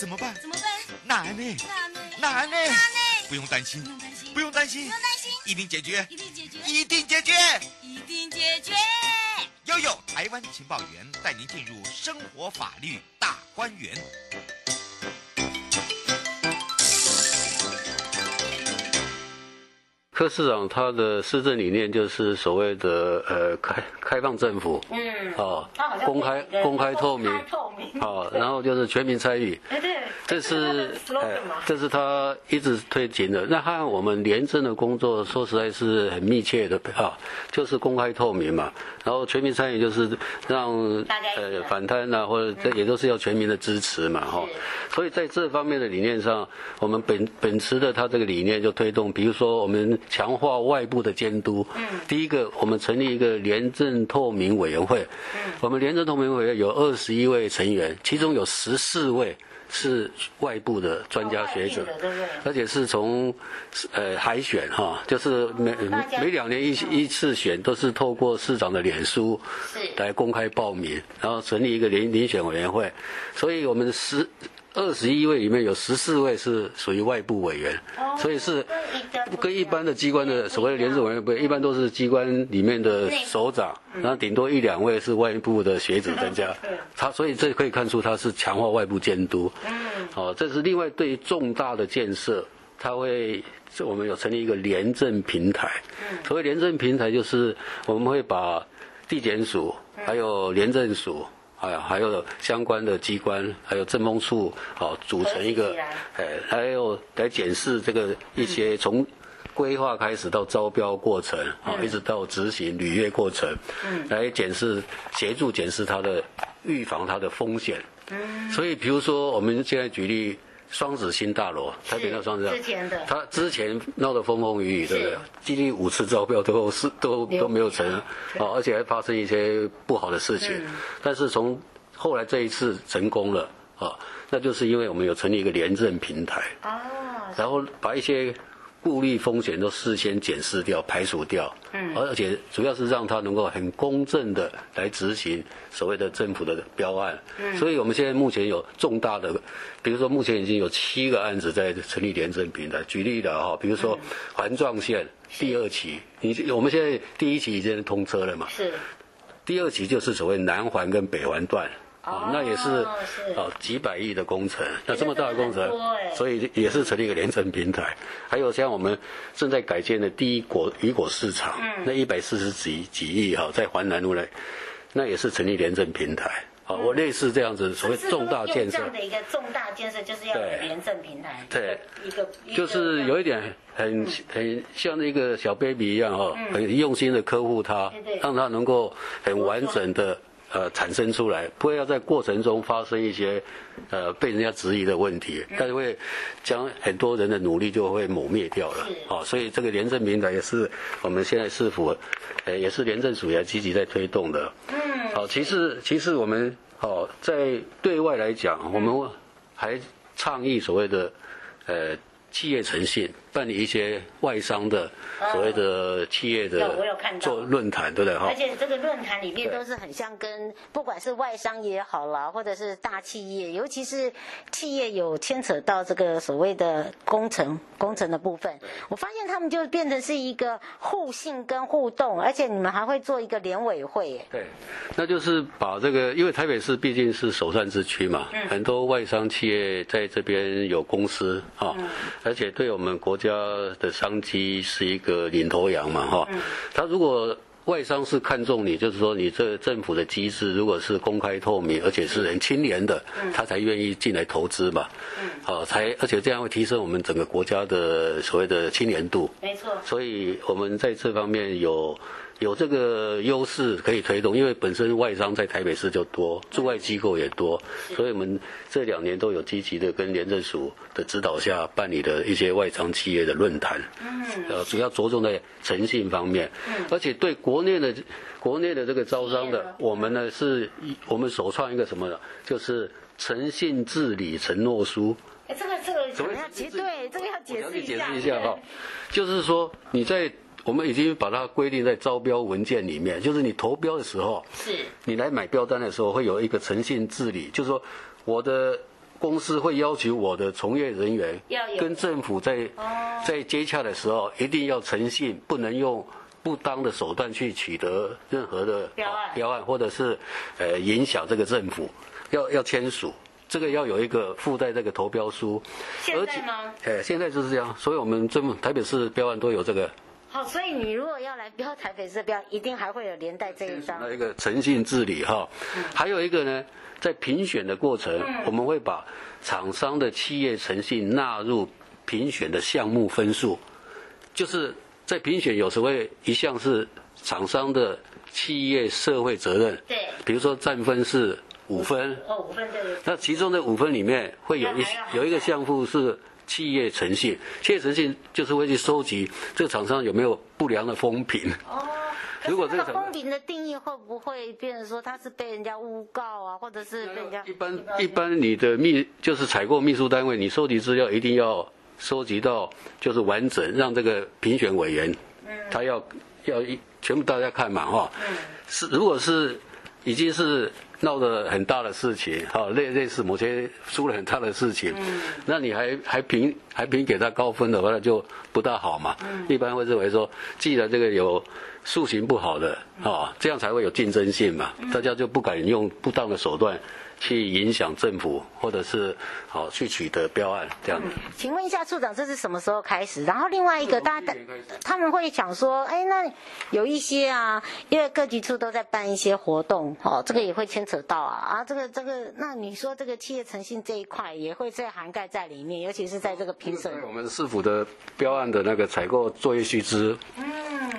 怎麼辦？怎麼辦？哪呢？哪兒呢？哪呢？哪呢，不用擔心，不用擔心，不用擔心，不用擔心，一定解決，一定解決，一定解決，一定解決。解決廉遊台灣情報員帶您進入生活法律大觀園。柯市長他的施政理念就是所謂的呃開開放政府，嗯，好。公開、公開透明，好，然後就是全民參與，這是，這是他一直推行的。那我們廉政的工作說實在是很密切的啊，就是公開透明嘛，然後全民參與就是讓呃反貪啊，或者這也都是要全民的支持嘛，哈。所以在這方面的理念上，我們本本持的他這個理念就推動，比如說我們強化外部的監督，第一個我們成立一個廉政透明委員會，我們。廉政透明委員會有二十一位成員，其中有十四位是外部的專家學者，而且是從呃海選哈，就是每每兩年一一次選，都是透過市長的臉書來公開報名，然後成立一個遴遴選委員會，所以我們十。二十一位裡面有十四位是屬於外部委員，哦、所以是跟一般的機關的所謂的廉政委員不一樣，一般都是機關裡面的首長，嗯、然後頂多一兩位是外部的學者專家。嗯、他所以這可以看出他是強化外部監督。好、嗯哦，這是另外對於重大的建設，他會我們有成立一個廉政平台。嗯、所謂廉政平台就是我們會把地檢署還有廉政署。哎呀，還有相關的機關，還有政風處，好，組成一個，哎，還有來檢視這個一些從規劃開始到招標過程啊，嗯，一直到執行履約過程，嗯，來檢視，協助檢視它的預防它的風險。嗯，所以比如說我們現在舉例。雙子星大樓，台北那雙子之前的。他之前鬧得風風雨雨，是對不對？經歷五次招標都都都沒有成啊，而且還發生一些不好的事情。嗯、但是從後來這一次成功了啊，那就是因為我們有成立一個廉政平台啊，然後把一些。顧慮風險都事先檢視掉，排除掉，嗯，而且主要是讓他能夠很公正的來執行所謂的政府的標案，嗯，所以我們現在目前有重大的，比如說目前已經有七個案子在成立廉政平台，舉例的哈，比如說環狀線第二期，嗯，你我們現在第一期已經通車了嘛，是，第二期就是所謂南環跟北環段。啊，那也是哦，幾百億的工程，那這麼大的工程，所以也是成立一個廉政平台。還有像我們正在改建的第一果雨果市場，那一百四十幾幾億哈，在環南路呢，那也是成立廉政平台。好，我類似這樣子所謂重大建設，這樣的一個重大建設就是要有廉政平台，對，一個就是有一點很很像那個小 baby 一樣哈，很用心的呵護他，讓他能夠很完整的。呃，產生出來不會要在過程中發生一些，呃，被人家質疑的問題，但是會將很多人的努力就會抹滅掉了。是哦，所以這個廉政平台也是我們現在市府，呃，也是廉政署也積極在推動的。嗯是，好、哦，其實其實我們好、哦、在對外來講，我們還倡議所謂的，呃，企業誠信。辦理一些外商的，哦，所謂的企業的，我有看到做論壇，對不對？哈，而且這個論壇裡面都是很像跟對不管是外商也好啦，或者是大企業，尤其是企業有牽扯到這個所謂的工程工程的部分，我發現他們就變成是一個互信跟互動，而且你們還會做一個聯委會。對，那就是把這個，因為台北市畢竟是首善之區嘛，嗯，很多外商企業在這邊有公司，哈，哦，嗯，而且對我們國。國家的商機是一個領頭羊嘛，哈，他如果外商是看中你，就是說你這政府的機制如果是公開透明，而且是很清廉的，他才願意進來投資嘛，好，才而且這樣會提升我們整個國家的所謂的清廉度。沒錯，所以我們在這方面有。有這個優勢可以推動，因為本身外商在台北市就多，駐外機構也多，是所以我們這兩年都有積極的跟廉政署的指導下辦理了一些外商企業的論壇。嗯是。呃，主要着重在誠信方面。是而且對國內的，國內的這個招商的，的我們呢是，我們首創一個什麼呢，就是誠信治理承諾書。哎、欸，這個這個怎麼要結對？這個要解釋一下。解釋一下哈，天就是說你在。我們已經把它規定在招標文件裡面，就是你投標的時候，是，你來買標單的時候，會有一個誠信治理，就是說我的公司會要求我的從業人員跟政府在、哦、在接洽的時候一定要誠信，不能用不當的手段去取得任何的標案、啊、標案，或者是呃影響這個政府要要簽署，這個要有一個附帶這個投標書。現在嗎？哎、呃，現在就是這樣，所以我們政府台北市標案都有這個。好，所以你如果要來標台北社標，一定還會有連帶這一張。那一個誠信治理哈、哦，嗯、還有一個呢，在評選的過程，嗯、我們會把廠商的企業誠信納入評選的項目分數。就是在評選有時候一項是廠商的企業社會責任，對，比如說占分是五分，哦，五分對。那其中的五分裡面會有一、哎哎哎、有一個項目是。企業誠信，企業誠信就是會去收集這個廠商有沒有不良的風評。哦，如果這個風評的定義，會不會變成說他是被人家誣告啊，或者是被人家？一般一般，一般你的秘就是採購秘書單位，你收集資料一定要收集到就是完整，讓這個評選委員，嗯，他要要一全部大家看嘛，哈，嗯，是如果是已經是。鬧得很大的事情，哈、哦，類類似某些出了很大的事情，嗯、那你還還評還評給他高分的話，就不大好嘛。嗯、一般會認為說，既然這個有素行不好的，啊、哦、這樣才會有競爭性嘛，嗯、大家就不敢用不當的手段去影響政府，或者是好、哦、去取得標案這樣、嗯。請問一下處長，這是什麼時候開始？然後另外一個，大家他們會想說，哎、欸，那有一些啊，因為各局處都在辦一些活動，哦，這個也會牽。扯到啊啊，這個這個，那你說這個企業誠信這一塊也會在涵蓋在裡面，尤其是在這個評審。我們市府的標案的那個採購作業須知，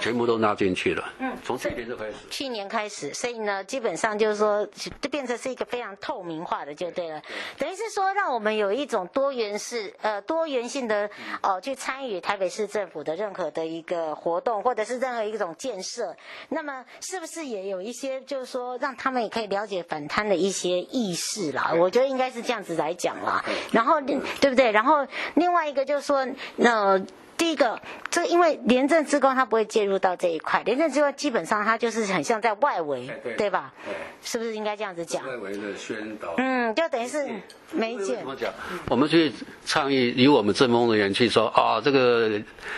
全部都納進去了，嗯，從去年就開始。去年開始，所以呢，基本上就是說，就變成是一個非常透明化的，就對了。等於是說，讓我們有一種多元式，呃，多元性的哦、呃，去參與台北市政府的任何的一個活動，或者是任何一種建設。那麼，是不是也有一些，就是說，讓他們也可以了解反貪的一些意識啦？我覺得應該是這樣子來講啦。然後，對不對？然後另外一個就是說，那、呃。第一個，這因為廉政機關，它不會介入到這一塊，廉政機關基本上它就是很像在外圍，欸、對，對吧？對，是不是應該這樣子講？外圍的宣導，嗯，就等於是媒介。怎麼講？我們去倡議，以我們政風人員去說啊，這個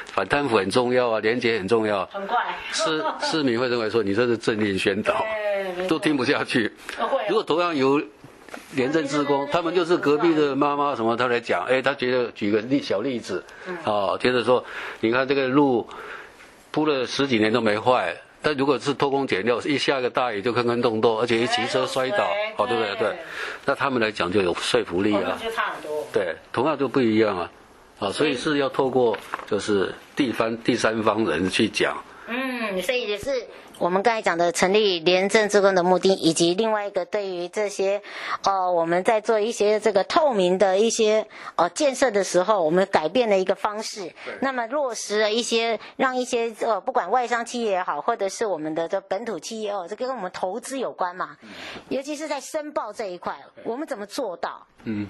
反貪腐很重要啊，廉潔很重要。很怪快，市 市民會認為說你這是政令宣導，對都聽不下去。哦、如果同樣有。廉政志工，他們就是隔壁的媽媽什麼，他來講，哎、欸，他覺得舉個例小例子，啊、哦，覺得說，你看這個路鋪了十幾年都沒壞，但如果是偷工減料，一下個大雨就坑坑洞洞，而且一騎車摔倒，欸、哦，對不對？對，那他們來講就有說服力啊，就差很多，對，同樣就不一樣啊，啊、哦，所以是要透過就是地方第三方人去講。嗯，所以也是我們剛才講的成立廉政機關的目的，以及另外一個對於這些，呃，我們在做一些這個透明的一些呃建設的時候，我們改變了一個方式。對那麼落實了一些，讓一些呃，不管外商企業也好，或者是我們的這本土企業哦，這跟我們投資有關嘛。尤其是在申報這一塊，我們怎麼做到？嗯，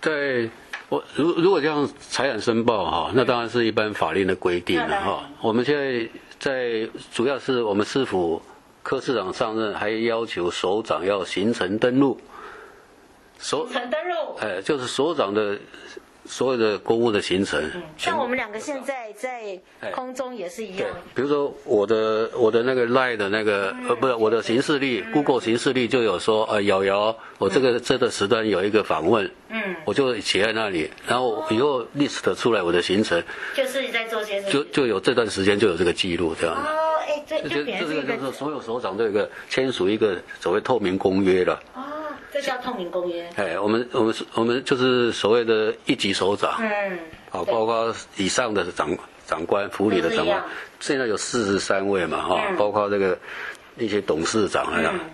在我如如果這樣財產申報哈、哦，那當然是一般法令的規定了哈、哦。我們現在。在主要是我們市府柯市長上任，還要求首長要行程登錄，所哎就是首長的。所有的公務的行程、嗯，像我們兩個現在在空中也是一樣。比如說我的我的那個賴的那個呃，嗯、不是我的行事歷、嗯、，Google 行事曆就有說呃，瑤、啊、瑤，我這個這段時段有一個訪問，嗯,嗯，我就寫在那裡，然後以後 list 出來我的行程，就是你在做些什麼，就就有這段時間就有這個記錄，這樣子。哦就，哎，就這個，就是所有首長都有一個簽署一個所謂透明公約了。啊。這叫透明公約。哎、hey，我們我們我們就是所謂的一級首長，嗯，好，包括以上的長長官、府裡的長官，現在有四十三位嘛，哈、嗯，包括這個。那些董事長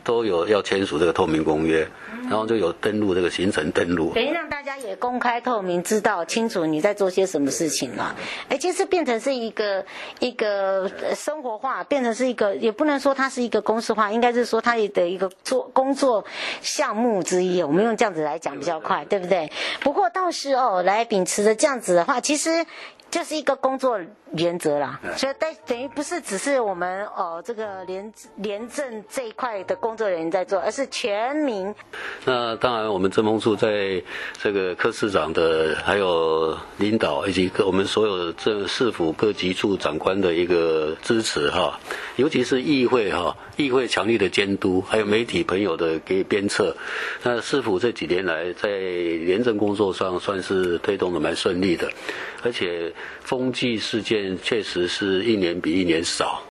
都有要簽署這個透明公約，嗯嗯嗯，然後就有登錄這個行程登錄。等於讓大家也公開透明，知道清楚你在做些什麼事情了。哎、欸，其實變成是一個一個生活化，變成是一個，也不能說它是一個公司化，應該是說它的一個做工作項目之一。我們用這樣子來講比較快，對不對，對？不過到時哦，來秉持着這樣子的話，其實。就是一個工作原則啦，所以等等於不是只是我們哦這個廉廉政這一塊的工作人員在做，而是全民。那當然，我們政風處在這個柯市長的，還有領導以及各我們所有正市府各級處長官的一個支持哈，尤其是議會哈，議會強力的監督，還有媒體朋友的給予鞭策，那市府這幾年來在廉政工作上算是推動的蠻順利的，而且。風紀事件確實是一年比一年少。